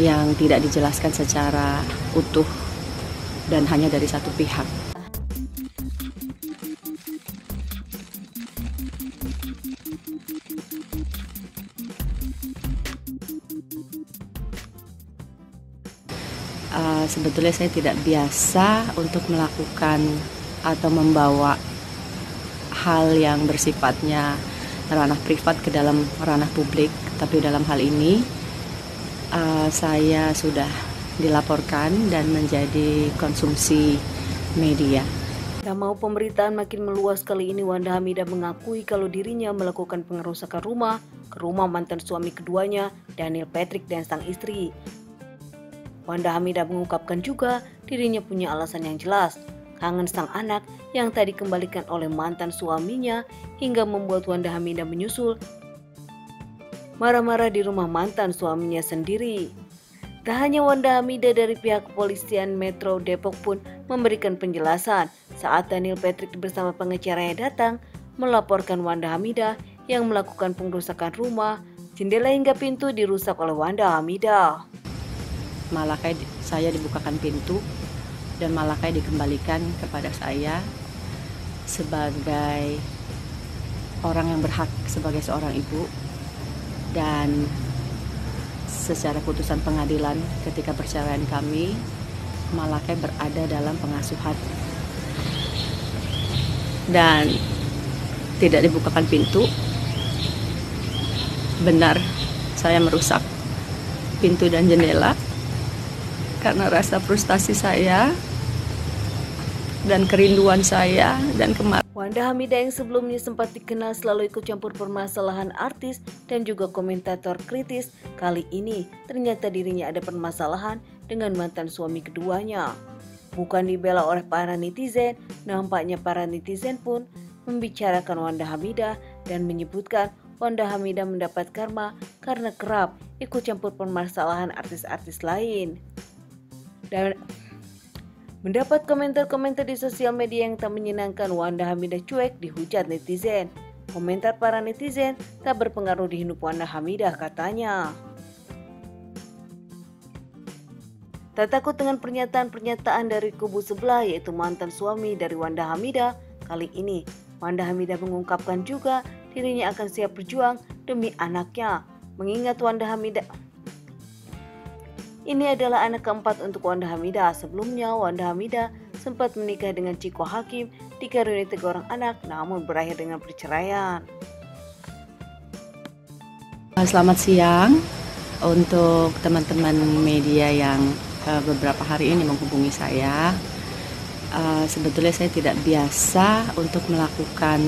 yang tidak dijelaskan secara utuh dan hanya dari satu pihak. Uh, sebetulnya saya tidak biasa untuk melakukan atau membawa hal yang bersifatnya ranah privat ke dalam ranah publik, tapi dalam hal ini uh, saya sudah dilaporkan dan menjadi konsumsi media. Tak mau pemberitaan makin meluas kali ini Wanda Hamida mengakui kalau dirinya melakukan pengerusakan rumah ke rumah mantan suami keduanya Daniel Patrick dan sang istri. Wanda Hamida mengungkapkan juga dirinya punya alasan yang jelas, kangen sang anak yang tadi kembalikan oleh mantan suaminya hingga membuat Wanda Hamida menyusul marah-marah di rumah mantan suaminya sendiri. Tak hanya Wanda Hamida dari pihak kepolisian Metro Depok pun memberikan penjelasan saat Daniel Patrick bersama pengecaranya datang melaporkan Wanda Hamida yang melakukan pengrusakan rumah, jendela hingga pintu dirusak oleh Wanda Hamida. Malah kayak saya dibukakan pintu dan malah kayak dikembalikan kepada saya sebagai orang yang berhak sebagai seorang ibu dan secara putusan pengadilan ketika perceraian kami Malakai berada dalam pengasuhan dan tidak dibukakan pintu benar saya merusak pintu dan jendela karena rasa frustasi saya dan kerinduan saya dan kemarin. Wanda Hamida yang sebelumnya sempat dikenal selalu ikut campur permasalahan artis dan juga komentator kritis, kali ini ternyata dirinya ada permasalahan dengan mantan suami keduanya. Bukan dibela oleh para netizen, nampaknya para netizen pun membicarakan Wanda Hamida dan menyebutkan Wanda Hamida mendapat karma karena kerap ikut campur permasalahan artis-artis lain. Dan Mendapat komentar-komentar di sosial media yang tak menyenangkan, Wanda Hamidah cuek dihujat netizen. Komentar para netizen tak berpengaruh di hidup Wanda Hamidah katanya. Tak takut dengan pernyataan-pernyataan dari kubu sebelah yaitu mantan suami dari Wanda Hamidah, kali ini. Wanda Hamidah mengungkapkan juga dirinya akan siap berjuang demi anaknya. Mengingat Wanda Hamidah... Ini adalah anak keempat untuk Wanda Hamida. Sebelumnya, Wanda Hamida sempat menikah dengan Ciko Hakim, dikaruniai tiga orang anak, namun berakhir dengan perceraian. Selamat siang untuk teman-teman media yang eh, beberapa hari ini menghubungi saya. Eh, sebetulnya saya tidak biasa untuk melakukan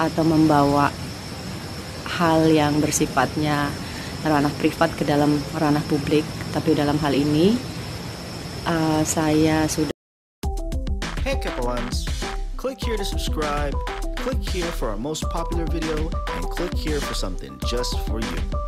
atau membawa hal yang bersifatnya ranah privat ke dalam ranah publik tapi dalam hal ini uh, saya sudah Hey Capelans, click here to subscribe, click here for our most popular video, and click here for something just for you.